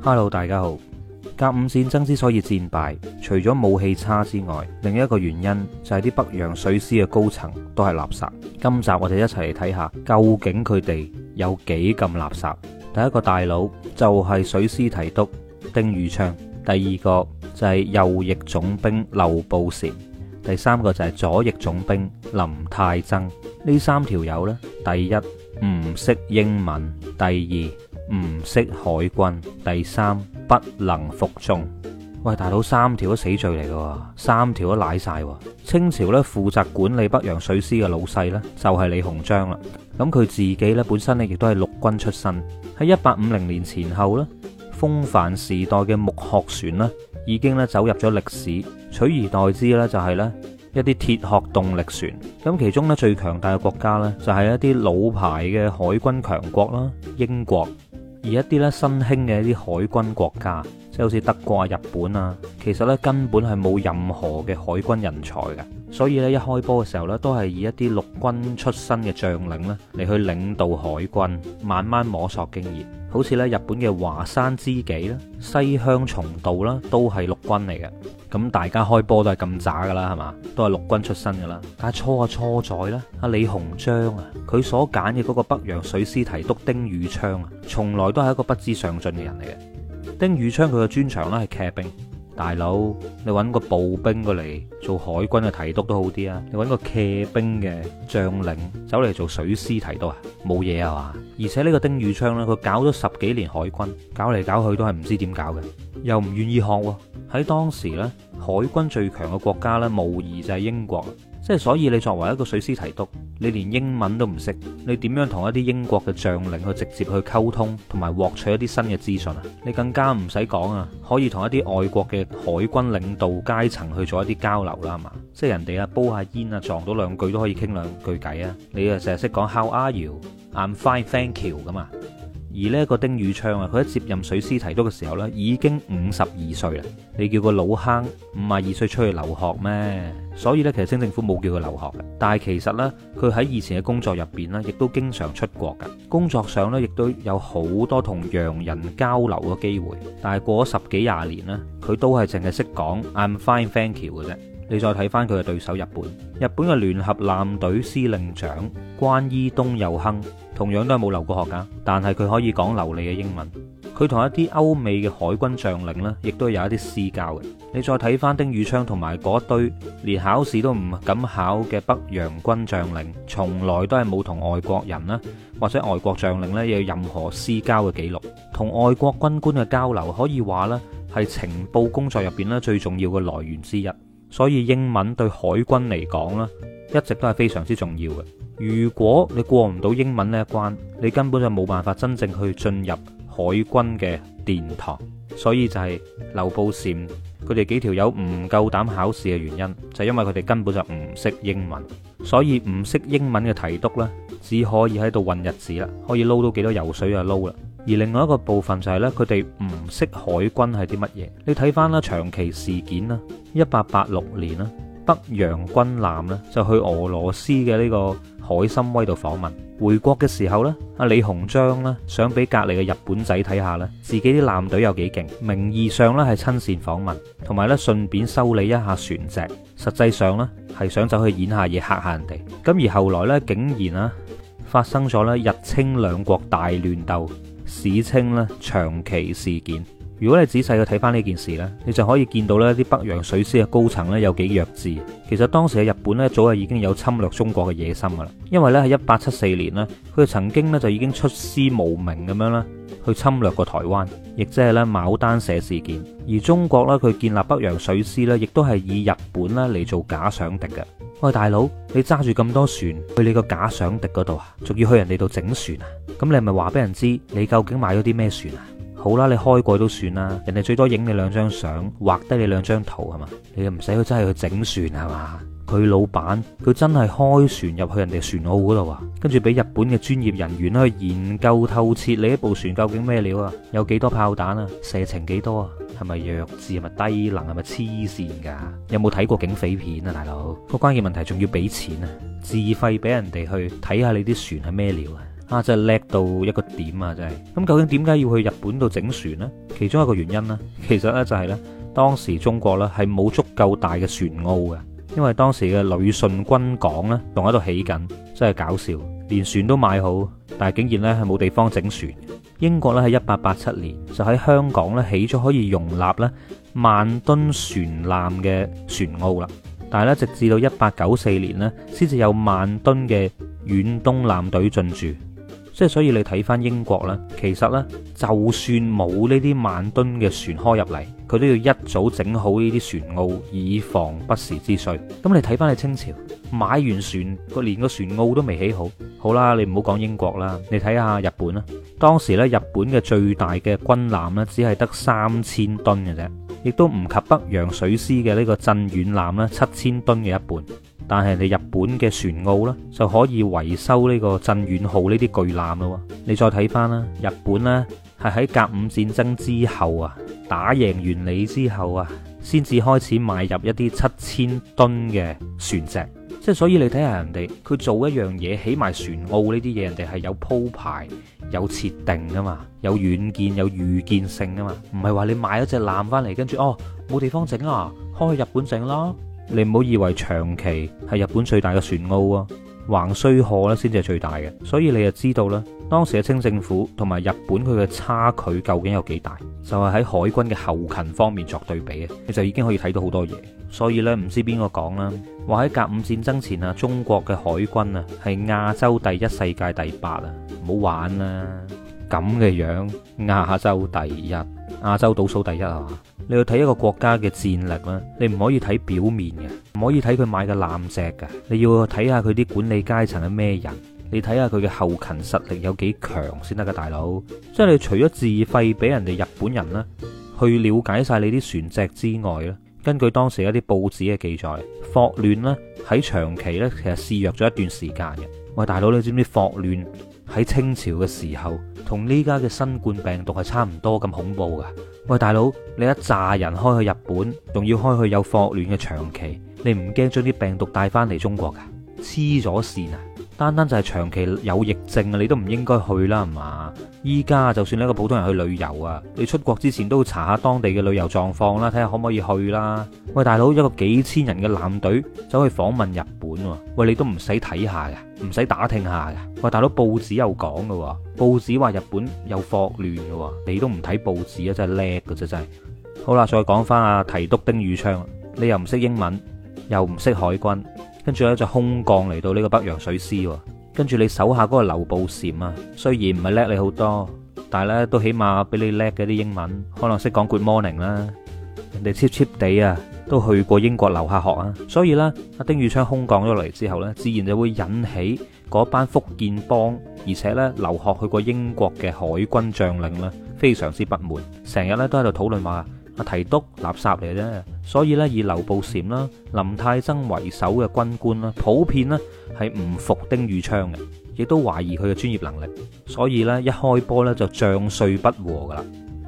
Hello 大家好！甲午戰爭之所以戰敗，除咗武器差之外，另一個原因就係啲北洋水師嘅高層都係垃圾。今集我哋一齊嚟睇下，究竟佢哋有幾咁垃圾？第一個大佬就係水師提督丁汝昌，第二個就係右翼總兵劉步蟾，第三個就係左翼總兵林泰曾。呢三條友呢，第一唔識英文，第二。唔識海軍，第三不能服眾。喂，大佬，三條都死罪嚟嘅，三條都賴晒。清朝咧負責管理北洋水師嘅老細呢，就係李鴻章啦。咁佢自己咧本身咧亦都係陸軍出身。喺一八五零年前後呢，風帆時代嘅木殼船呢已經咧走入咗歷史，取而代之咧就係呢一啲鐵殼動力船。咁其中呢最強大嘅國家呢，就係一啲老牌嘅海軍強國啦，英國。而一啲咧新興嘅一啲海軍國家，即係好似德國啊、日本啊，其實咧根本係冇任何嘅海軍人才嘅，所以咧一開波嘅時候咧，都係以一啲陸軍出身嘅將領咧嚟去領導海軍，慢慢摸索經驗。好似咧日本嘅華山知己啦、西鄉松道啦，都係陸軍嚟嘅。咁大家開波都係咁渣噶啦，係嘛？都係陸軍出身噶啦。但係初啊初在咧，阿李鴻章啊，佢所揀嘅嗰個北洋水師提督丁汝昌啊，從來都係一個不知上進嘅人嚟嘅。丁汝昌佢嘅專長咧係騎兵。大佬，你揾個步兵過嚟做海軍嘅提督都好啲啊！你揾個騎兵嘅將領走嚟做水師提督啊，冇嘢啊嘛？而且呢個丁汝昌呢，佢搞咗十幾年海軍，搞嚟搞去都係唔知點搞嘅，又唔願意學喎。喺當時呢，海軍最強嘅國家呢，無疑就係英國。即係所以，你作為一個水師提督，你連英文都唔識，你點樣同一啲英國嘅將領去直接去溝通，同埋獲取一啲新嘅資訊啊？你更加唔使講啊，可以同一啲外國嘅海軍領導階層去做一啲交流啦嘛。即係人哋啊，煲下煙啊，撞到兩句都可以傾兩句偈啊！你啊，成日識講 How are you？I'm fine, thank you 咁嘛。而呢一個丁汝昌啊，佢喺接任水師提督嘅時候咧，已經五十二歲啦。你叫個老坑五十二歲出去留學咩？所以咧，其實清政府冇叫佢留學嘅。但係其實呢，佢喺以前嘅工作入邊呢，亦都經常出國嘅。工作上呢，亦都有好多同洋人交流嘅機會。但係過咗十幾廿年呢，佢都係淨係識講 I'm fine, thank you 嘅啫。你再睇翻佢嘅對手日本，日本嘅聯合艦隊司令長官伊東佑亨，同樣都係冇留過學㗎，但係佢可以講流利嘅英文。佢同一啲歐美嘅海軍將領呢，亦都有一啲私交嘅。你再睇翻丁汝昌同埋嗰堆連考試都唔敢考嘅北洋軍將領，從來都係冇同外國人啦，或者外國將領呢，有任何私交嘅記錄。同外國軍官嘅交流可以話呢係情報工作入邊呢最重要嘅來源之一。所以英文對海軍嚟講咧，一直都係非常之重要嘅。如果你過唔到英文呢一關，你根本就冇辦法真正去進入海軍嘅殿堂。所以就係劉步蟾佢哋幾條友唔夠膽考試嘅原因，就係因為佢哋根本就唔識英文，所以唔識英文嘅提督呢，只可以喺度混日子啦，可以撈到幾多油水就撈啦。而另外一個部分就係咧，佢哋唔識海軍係啲乜嘢。你睇翻啦，長期事件啦，一八八六年啦，北洋軍艦呢就去俄羅斯嘅呢個海參崴度訪問，回國嘅時候呢，阿李鴻章呢想俾隔離嘅日本仔睇下呢，自己啲艦隊有幾勁。名義上呢係親善訪問，同埋呢順便修理一下船隻，實際上呢，係想走去演下嘢嚇下人哋。咁而後來呢，竟然啊發生咗呢日清兩國大亂鬥。史稱咧長期事件。如果你仔細去睇翻呢件事呢，你就可以見到呢啲北洋水師嘅高層咧有幾弱智。其實當時喺日本呢，早就已經有侵略中國嘅野心噶啦，因為呢，喺一八七四年呢，佢曾經呢就已經出師無名咁樣啦去侵略過台灣，亦即係呢牡丹社事件。而中國呢，佢建立北洋水師呢，亦都係以日本呢嚟做假想敵嘅。喂，大佬，你揸住咁多船去你個假想敵嗰度啊，仲要去人哋度整船啊？咁你係咪話俾人知，你究竟買咗啲咩船啊？好啦，你開過都算啦，人哋最多影你兩張相，畫低你兩張圖係嘛？你又唔使去真係去整船係嘛？佢老闆佢真係開船入去人哋船澳嗰度啊，跟住俾日本嘅專業人員去研究透切你一部船究竟咩料啊？有幾多炮彈啊？射程幾多啊？係咪弱智？係咪低能？係咪黐線噶？有冇睇過警匪片啊，大佬？個關鍵問題仲要俾錢啊？自費俾人哋去睇下你啲船係咩料啊？啊！真係叻到一個點啊，真係。咁究竟點解要去日本度整船咧？其中一個原因咧，其實咧就係咧，當時中國咧係冇足夠大嘅船塢嘅，因為當時嘅旅順軍港咧仲喺度起緊，真係搞笑，連船都買好，但係竟然咧係冇地方整船。英國咧喺一八八七年就喺香港咧起咗可以容納咧萬噸船艦嘅船塢啦，但係咧直至到一八九四年咧先至有萬噸嘅遠東艦隊進駐。即係所以你睇翻英國呢，其實呢，就算冇呢啲萬噸嘅船開入嚟，佢都要一早整好呢啲船澳以防不時之需。咁你睇翻你清朝買完船，個連個船澳都未起好。好啦，你唔好講英國啦，你睇下日本啦。當時呢，日本嘅最大嘅軍艦呢，只係得三千噸嘅啫，亦都唔及北洋水師嘅呢個鎮遠艦呢，七千噸嘅一半。但係你日本嘅船澳呢，就可以維修呢個鎮遠號呢啲巨艦啦。你再睇翻啦，日本呢，係喺甲午戰爭之後啊，打贏完你之後啊，先至開始買入一啲七千噸嘅船隻。即係所以你睇下人哋，佢做一樣嘢，起埋船澳呢啲嘢，人哋係有鋪排、有設定噶嘛，有遠見、有預見性噶嘛。唔係話你買咗隻艦翻嚟，跟住哦冇地方整啊，開去日本整啦。你唔好以為長期係日本最大嘅船塢啊，橫須賀咧先至係最大嘅，所以你就知道啦，當時嘅清政府同埋日本佢嘅差距究竟有幾大？就係、是、喺海軍嘅後勤方面作對比啊，你就已經可以睇到好多嘢。所以咧，唔知邊個講啦，話喺甲午戰爭前啊，中國嘅海軍啊係亞洲第一、世界第八啊，唔好玩啦。咁嘅樣，樣，亞洲第一，亞洲倒數第一啊。你要睇一個國家嘅戰力咧，你唔可以睇表面嘅，唔可以睇佢買嘅艦隻嘅，你要睇下佢啲管理階層係咩人，你睇下佢嘅後勤實力有幾強先得噶，大佬。即係你除咗自費俾人哋日本人咧去了解晒你啲船隻之外咧，根據當時一啲報紙嘅記載，霍亂呢喺長期呢其實肆虐咗一段時間嘅。喂，大佬，你知唔知霍亂？喺清朝嘅時候，同呢家嘅新冠病毒係差唔多咁恐怖㗎。喂，大佬，你一炸人開去日本，仲要開去有霍亂嘅長崎，你唔驚將啲病毒帶翻嚟中國㗎？黐咗線啊！單單就係長期有疫症啊，你都唔應該去啦，係嘛？依家就算一個普通人去旅遊啊，你出國之前都要查下當地嘅旅遊狀況啦，睇下可唔可以去啦。喂，大佬，一個幾千人嘅艦隊走去訪問日本，喂，你都唔使睇下㗎，唔使打聽下㗎。喂，大佬，報紙有講㗎，報紙話日本有霍亂㗎，你都唔睇報紙啊，真係叻㗎啫，真係。好啦，再講翻啊，提督丁汝昌，你又唔識英文，又唔識海軍。跟住咧就空降嚟到呢個北洋水師喎，跟住你手下嗰個劉步蟾啊，雖然唔係叻你好多，但係咧都起碼比你叻嘅啲英文，可能識講 Good Morning 啦，人哋 cheap cheap 地啊都去過英國留吓學啊，所以咧阿丁汝昌空降咗嚟之後咧，自然就會引起嗰班福建幫，而且咧留學去過英國嘅海軍將領咧，非常之不滿，成日咧都喺度討論話阿提督垃圾嚟啫。所以咧，以劉步蟾啦、林泰曾為首嘅軍官啦，普遍呢係唔服丁汝昌嘅，亦都懷疑佢嘅專業能力。所以咧，一開波咧就將帥不和噶啦，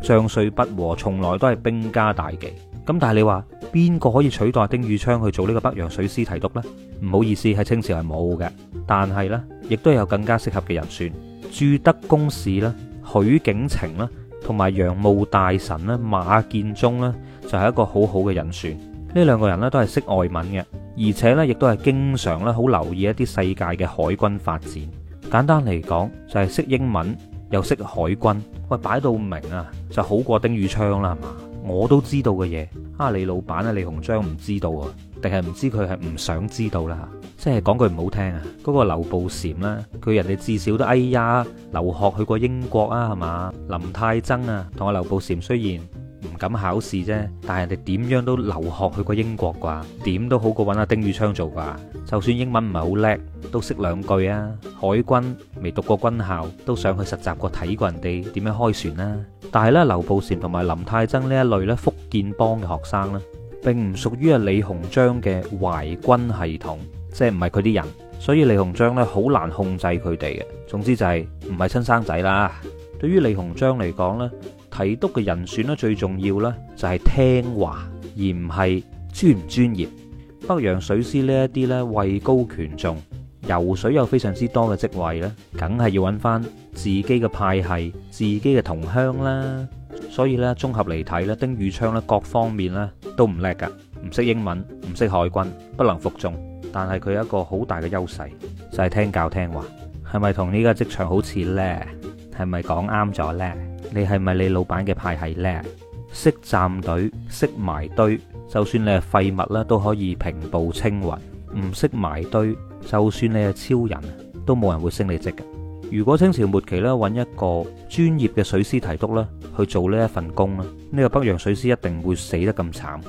將帥不和從來都係兵家大忌。咁但係你話邊個可以取代丁汝昌去做呢個北洋水師提督呢？唔好意思，喺清朝係冇嘅。但係呢，亦都有更加適合嘅人選，駐德公使啦、許景澄啦。同埋洋務大臣咧，馬建忠呢就係一個好好嘅人選。呢兩個人咧都係識外文嘅，而且呢亦都係經常咧好留意一啲世界嘅海軍發展。簡單嚟講，就係識英文又識海軍，喂擺到明啊，就好過丁汝昌啦，係嘛？我都知道嘅嘢，啊李老闆啊李鴻章唔知道啊。定係唔知佢係唔想知道啦，即係講句唔好聽啊，嗰個劉步蟾啦，佢人哋至少都哎呀留學去過英國啊，係嘛？林泰曾啊，同阿劉步蟾雖然唔敢考試啫，但係人哋點樣都留學去過英國啩？點都好過揾阿丁汝昌做啩？就算英文唔係好叻，都識兩句啊。海軍未讀過軍校，都上去實習過，睇過人哋點樣開船啦。但係咧，劉步蟾同埋林泰曾呢一類咧福建幫嘅學生咧。並唔屬於啊李鴻章嘅淮軍系統，即係唔係佢啲人，所以李鴻章咧好難控制佢哋嘅。總之就係唔係親生仔啦。對於李鴻章嚟講呢，提督嘅人選咧，最重要呢就係聽話，而唔係專唔專業。北洋水師呢一啲呢，位高權重，油水又非常之多嘅職位呢，梗係要揾翻自己嘅派系、自己嘅同鄉啦。所以呢，綜合嚟睇咧，丁汝昌呢各方面呢。都唔叻噶，唔識英文，唔識海軍，不能服眾。但係佢有一個好大嘅優勢，就係聽教聽話。係咪同呢個職場好似咧？係咪講啱咗咧？你係咪你老闆嘅派系咧？識站隊，識埋堆，就算你係廢物啦，都可以平步青雲。唔識埋堆，就算你係超人，都冇人會升你職嘅。如果清朝末期揾一個專業嘅水師提督咧去做呢一份工咧，呢、呢個北洋水師一定會死得咁慘。